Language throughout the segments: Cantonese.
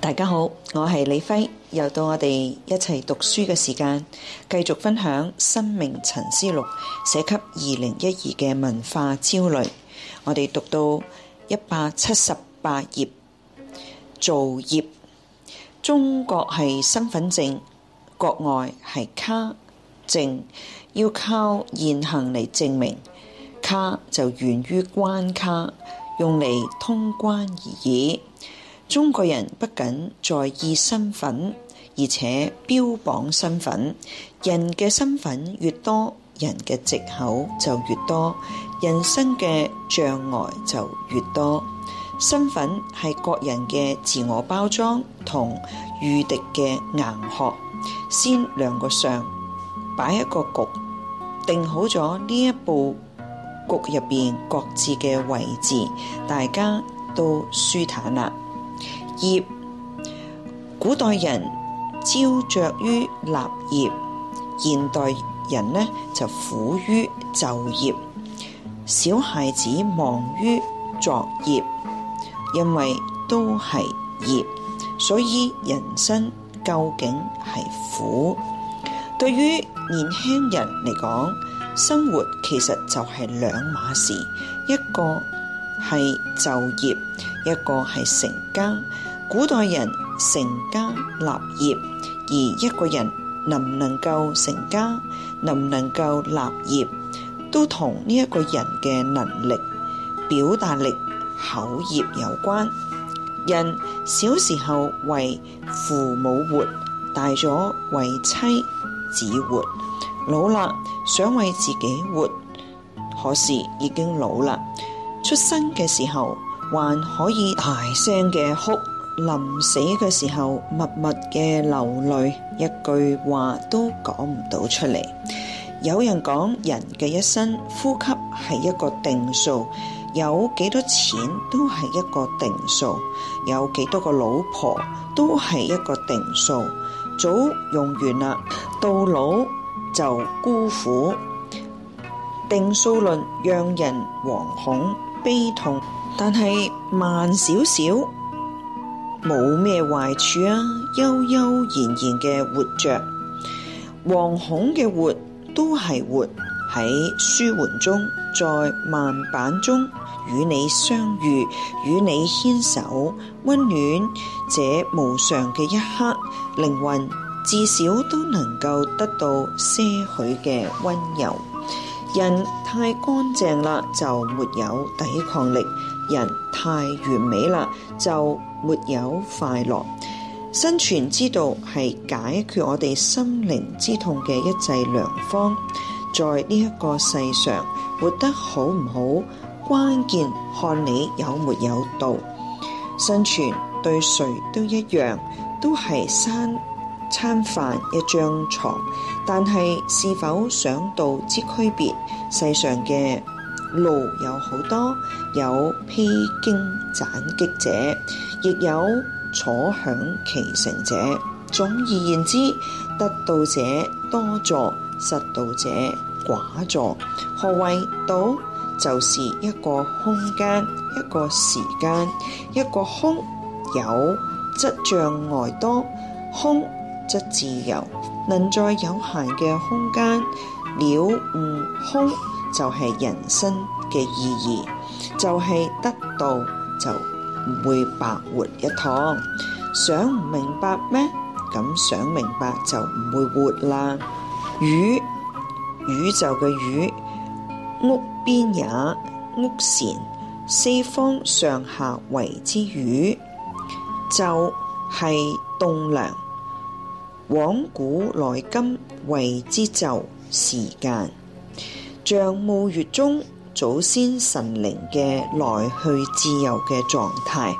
大家好，我係李輝，又到我哋一齊讀書嘅時間，繼續分享《生命沉思錄》寫給二零一二嘅文化焦慮。我哋讀到一百七十八頁，造業。中國係身份證，國外係卡證，要靠現行嚟證明。卡就源於關卡，用嚟通關而已。中國人不僅在意身份，而且標榜身份。人嘅身份越多，人嘅藉口就越多，人生嘅障礙就越多。身份係各人嘅自我包裝同御敵嘅硬殼，先亮個相，擺一個局，定好咗呢一步局入邊各自嘅位置，大家都舒坦啦。業，古代人焦着於立業，現代人呢，就苦於就業，小孩子忙於作業，因為都係業，所以人生究竟係苦。對於年輕人嚟講，生活其實就係兩碼事，一個係就業，一個係成家。古代人成家立業，而一個人能唔能夠成家，能唔能夠立業，都同呢一個人嘅能力、表達力、口業有關。人小時候為父母活，大咗為妻子活，老啦，想為自己活，可是已經老啦。出生嘅時候還可以大聲嘅哭。臨死嘅時候，默默嘅流淚，一句話都講唔到出嚟。有人講，人嘅一生呼吸係一個定數，有幾多錢都係一個定數，有幾多個老婆都係一個定數，早用完啦，到老就孤苦。定數論讓人惶恐悲痛，但係慢少少。冇咩壞處啊，悠悠然然嘅活着，惶恐嘅活都係活喺舒緩中，在慢板中與你相遇，與你牽手，溫暖，這無常嘅一刻，靈魂至少都能夠得到些許嘅溫柔。人太乾淨啦，就沒有抵抗力；人太完美啦，就。沒有快樂，生存之道係解決我哋心靈之痛嘅一劑良方。在呢一個世上活得好唔好，關鍵看你有沒有道。生存對誰都一樣，都係三餐飯一張床，但係是，是否想到之區別。世上嘅路有好多，有。披荊斬棘者，亦有坐享其成者。總而言之，得道者多助，失道者寡助。何謂道？就是一個空間、一個時間、一個空有，則障礙多；空則自由。能在有限嘅空間了悟空，就係人生嘅意義，就係得到就唔會白活一趟。想唔明白咩？咁想明白就唔會活啦。宇宇宙嘅宇，屋邊也屋檐，四方上下為之宇，就係棟梁。往古來今為之就時間，像暮月中祖先神靈嘅來去自由嘅狀態。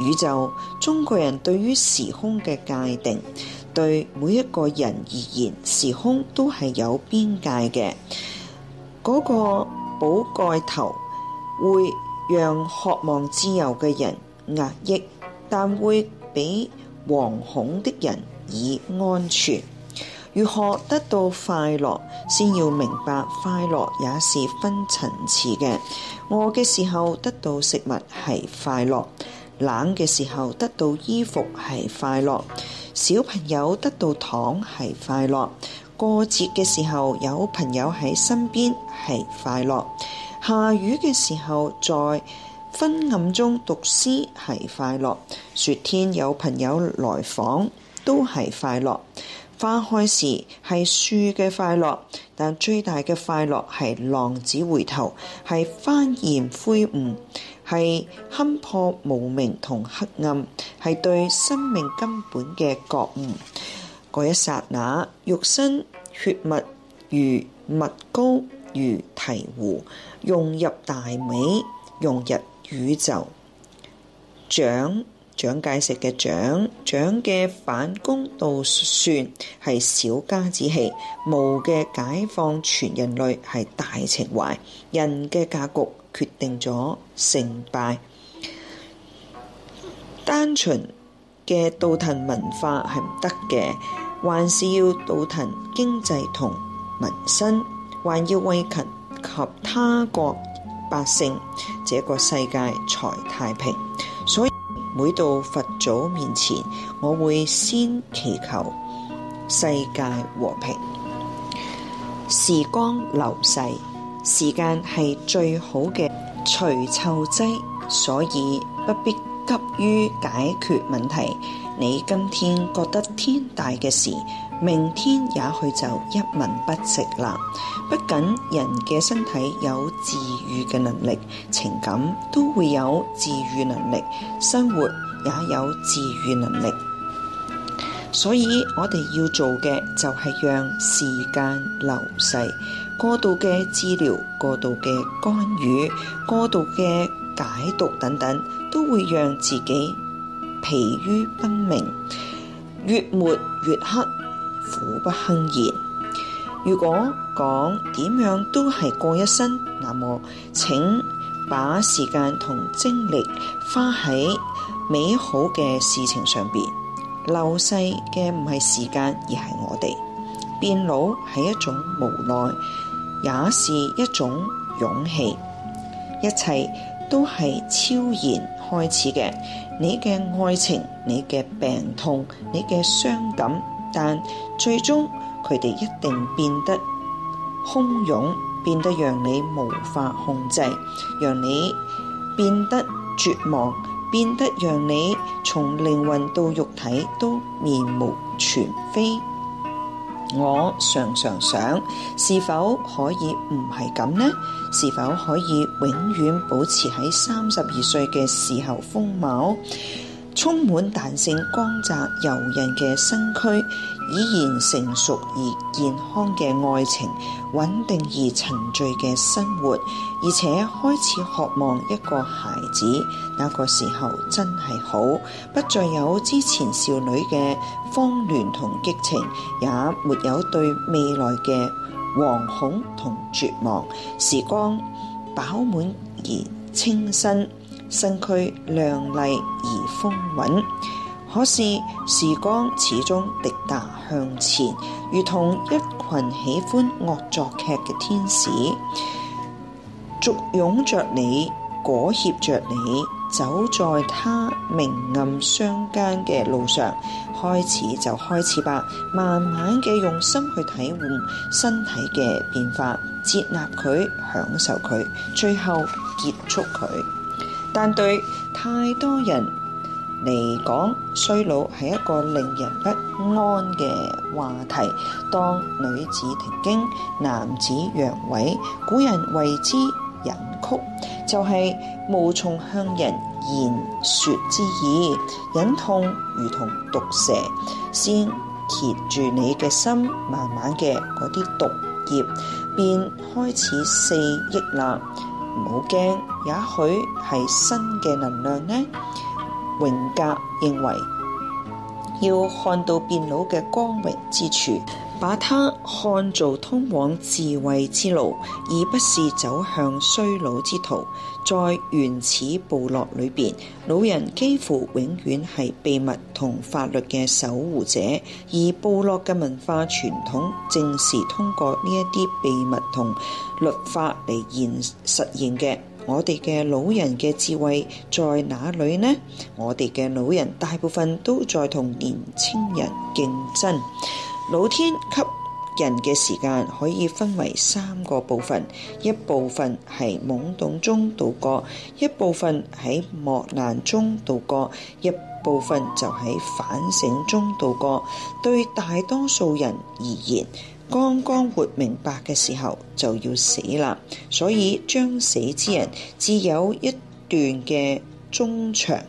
宇宙，中國人對於時空嘅界定，對每一個人而言，時空都係有邊界嘅。嗰個寶蓋頭會讓渴望自由嘅人壓抑，但會俾惶恐的人以安全如何得到快樂，先要明白快樂也是分層次嘅。餓嘅時候得到食物係快樂，冷嘅時候得到衣服係快樂，小朋友得到糖係快樂，過節嘅時候有朋友喺身邊係快樂，下雨嘅時候在昏暗中讀詩係快樂，雪天有朋友來訪，都係快樂，花開時係樹嘅快樂，但最大嘅快樂係浪子回頭，係幡然悔悟，係堪破無明同黑暗，係對生命根本嘅覺悟。嗰一剎那，肉身血脈如蜜膏如醍醐，融入大美，融入宇宙，掌。蔣介石嘅蔣，蔣嘅反攻倒算係小家子氣；毛嘅解放全人類係大情懷。人嘅格局決定咗成敗。單純嘅倒騰文化係唔得嘅，還是要倒騰經濟同民生，還要惠及其他國百姓，這個世界才太平。所以。每到佛祖面前，我會先祈求世界和平。時光流逝，時間係最好嘅除臭劑，所以不必急於解決問題。你今天覺得天大嘅事，明天也許就一文不值啦。不僅人嘅身體有治愈嘅能力，情感都會有治愈能力，生活也有治愈能力。所以我哋要做嘅就係讓時間流逝。過度嘅治療、過度嘅干預、過度嘅解讀等等，都會讓自己疲於奔命，越抹越黑。苦不堪言，如果講點樣都係過一生，那麼請把時間同精力花喺美好嘅事情上面。流逝嘅唔係時間，而係我哋。變老係一種無奈，也是一種勇氣。一切都係悄然開始嘅，你嘅愛情，你嘅病痛，你嘅傷感，但，最終佢哋一定變得洶湧，變得讓你無法控制，讓你變得絕望，變得讓你從靈魂到肉體都面目全非。我常常想，是否可以唔係咁呢？是否可以永遠保持喺三十二歲嘅時候風貌，充滿彈性、光澤、柔韌嘅身軀？已然成熟而健康嘅愛情，穩定而沉醉嘅生活，而且開始渴望一個孩子。那個時候真係好，不再有之前少女嘅慌亂同激情，也沒有對未來嘅惶恐同絕望。時光飽滿而清新，身軀亮麗而豐韻。可是時光始終滴答向前，如同一群喜歡惡作劇嘅天使，簇擁着你，裹挾着你，走在他明暗相間嘅路上。開始就開始吧，慢慢嘅用心去體會身體嘅變化，接納佢，享受佢，最後結束佢。但對太多人嚟講衰老係一個令人不安嘅話題。當女子停經，男子陽痿，古人為之隱曲，就係、是、無從向人言說之意。忍痛如同毒蛇，先鉗住你嘅心，慢慢嘅嗰啲毒液，便開始四溢啦。唔好驚，也許係新嘅能量呢？榮格認為，要看到變老嘅光榮之處，把它看做通往智慧之路，而不是走向衰老之途。在原始部落裏邊，老人幾乎永遠係秘密同法律嘅守護者，而部落嘅文化傳統正是通過呢一啲秘密同律法嚟現實現嘅。我哋嘅老人嘅智慧在哪裏呢？我哋嘅老人大部分都在同年青人競爭。老天給人嘅時間可以分為三個部分，一部分喺懵懂中度過，一部分喺磨難中度過，一部分就喺反省中度過。對大多數人而言，剛剛活明白嘅時候就要死啦，所以將死之人自有一段嘅衷腸，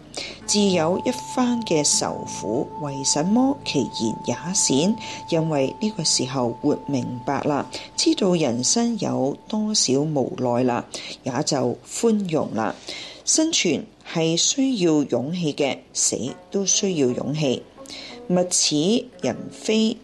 自有一番嘅愁苦。為什麼其言也善？因為呢個時候活明白啦，知道人生有多少無奈啦，也就寬容啦。生存係需要勇氣嘅，死都需要勇氣。物是人非，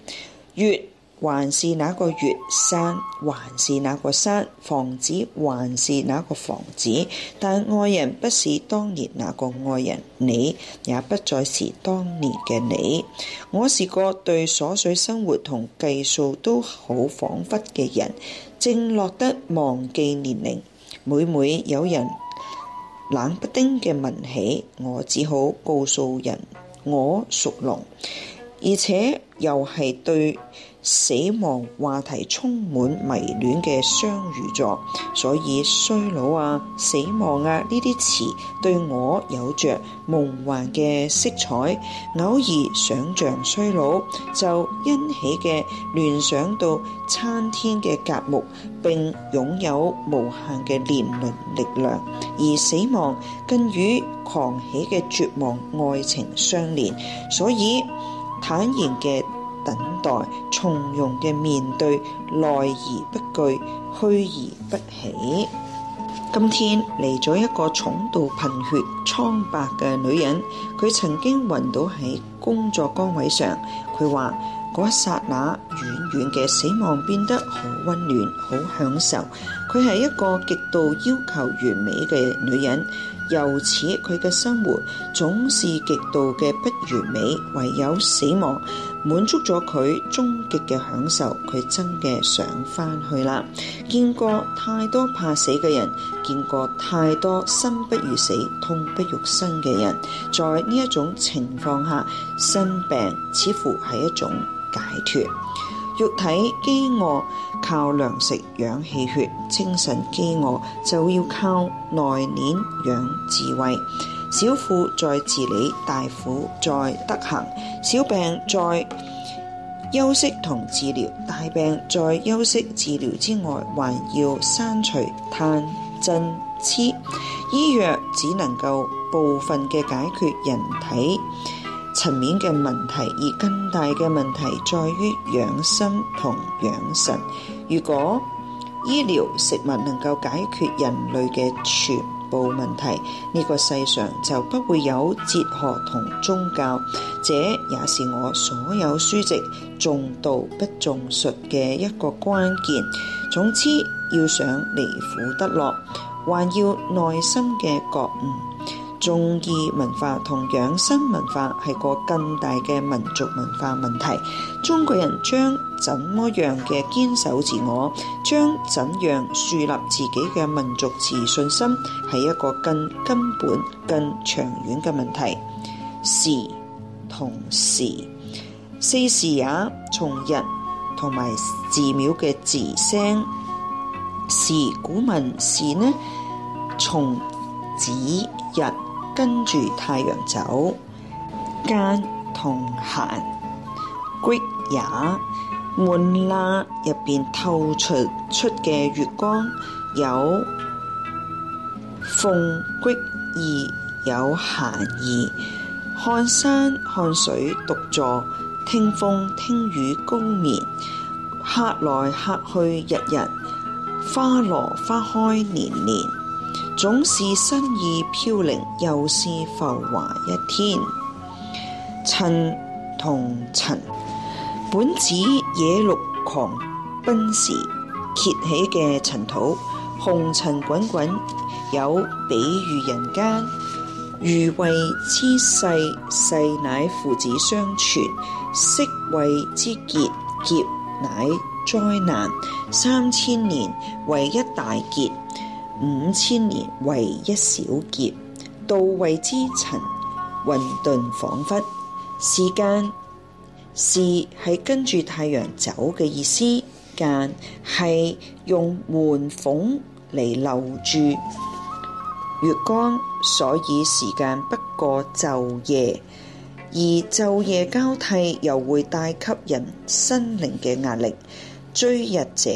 月。還是那個月，山還是那個山，房子還是那個房子，但愛人不是當年那個愛人，你也不再是當年嘅你。我是個對瑣碎生活同計數都好恍惚嘅人，正落得忘記年齡。每每有人冷不丁嘅問起，我只好告訴人我屬龍，而且又係對死亡話題充滿迷戀嘅雙魚座，所以衰老啊、死亡啊呢啲詞對我有着夢幻嘅色彩。偶爾想像衰老，就欣喜嘅聯想到參天嘅甲木，並擁有無限嘅年輪力量。而死亡更與狂喜嘅絕望愛情相連，所以坦然嘅。等待，從容嘅面對，來而不懼，去而不喜。今天嚟咗一個重度貧血、蒼白嘅女人，佢曾經暈倒喺工作崗位上。佢話嗰一剎那，遠遠嘅死亡變得好温暖、好享受。佢係一個極度要求完美嘅女人。由此佢嘅生活總是極度嘅不完美，唯有死亡滿足咗佢終極嘅享受，佢真嘅想翻去啦。見過太多怕死嘅人，見過太多生不如死、痛不欲生嘅人，在呢一種情況下，生病似乎係一種解脫。肉體飢餓靠糧食養氣血，精神飢餓就要靠內練養智慧。小富在治理，大富在德行。小病在休息同治療，大病在休息治療之外，還要刪除貪、嗔、痴。醫藥只能夠部分嘅解決人體層面嘅問題，而更大嘅問題在於養生同養神。如果醫療食物能夠解決人類嘅全部問題，呢個世上就不會有哲學同宗教。這也是我所有書籍重道不重術嘅一個關鍵。總之，要想離苦得樂，還要耐心嘅覺悟。中醫文化同養生文化係個更大嘅民族文化問題。中國人將怎麼樣嘅堅守自我，將怎樣樹立自己嘅民族自信心，係一個更根本、更長遠嘅問題。時，同時，四時也從日同埋寺廟嘅寺聲，時古文時呢，從子日。跟住太陽走，間同閒，谷也滿啦。入邊透出出嘅月光，有鳳谷意，有閒意。看山看水獨坐，聽風聽雨高眠。客來客去日日，花落花開年年。總是心意飄零，又是浮華一天。陳同塵，本指野鹿狂奔時揭起嘅塵土，紅塵滾滾，有比喻人間。如為之世，世乃父子相傳；息為之劫，劫乃災難。三千年為一大劫。五千年為一小劫，到為之塵，混沌恍惚，時間是係跟住太陽走嘅意思，間係用門縫嚟留住月光，所以時間不過晝夜，而晝夜交替又會帶給人心靈嘅壓力，追日者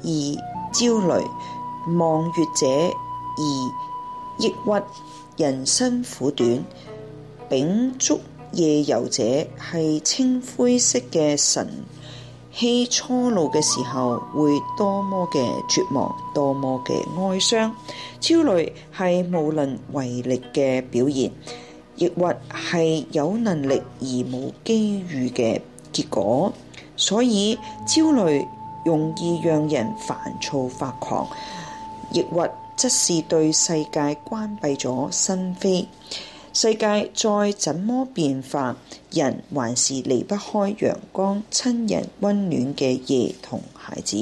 易焦慮。望月者而抑鬱，人生苦短。秉燭夜遊者係青灰色嘅晨曦初露嘅時候會多麼嘅絕望，多麼嘅哀傷。焦慮係無能為力嘅表現，抑鬱係有能力而冇機遇嘅結果。所以焦慮容易讓人煩躁發狂。抑鬱，則是對世界關閉咗心扉。世界再怎麼變化，人還是離不開陽光、親人、温暖嘅夜同孩子。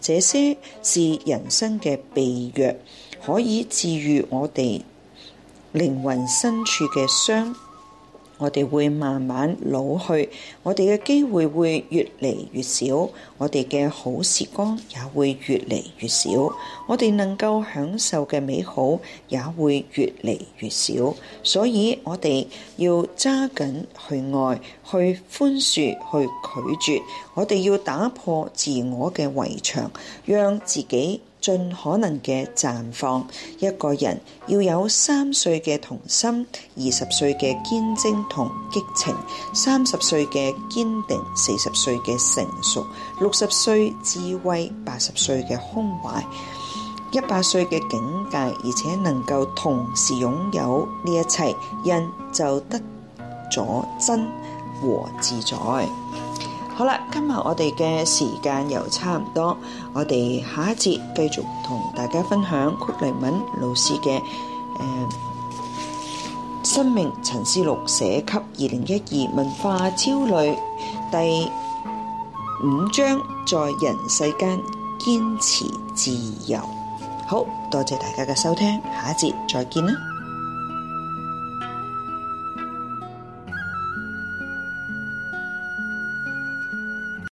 這些是人生嘅秘藥，可以治愈我哋靈魂深處嘅傷。我哋會慢慢老去，我哋嘅機會會越嚟越少，我哋嘅好時光也會越嚟越少，我哋能夠享受嘅美好也會越嚟越少，所以我哋要揸緊去愛、去寬恕、去拒絕，我哋要打破自我嘅圍牆，讓自己盡可能嘅綻放。一個人要有三歲嘅童心，二十歲嘅堅貞同激情，三十歲嘅堅定，四十歲嘅成熟，六十歲智慧，八十歲嘅胸懷，一百歲嘅境界，而且能夠同時擁有呢一切，人就得咗真和自在。好啦，今日我哋嘅時間又差唔多， 我哋下一節繼續同大家分享曲黎敏老師嘅誒、呃《生命沉思錄》寫給二零一二文化焦慮第五章，在人世間堅持自由。好多謝大家嘅收聽，下一節再見啦。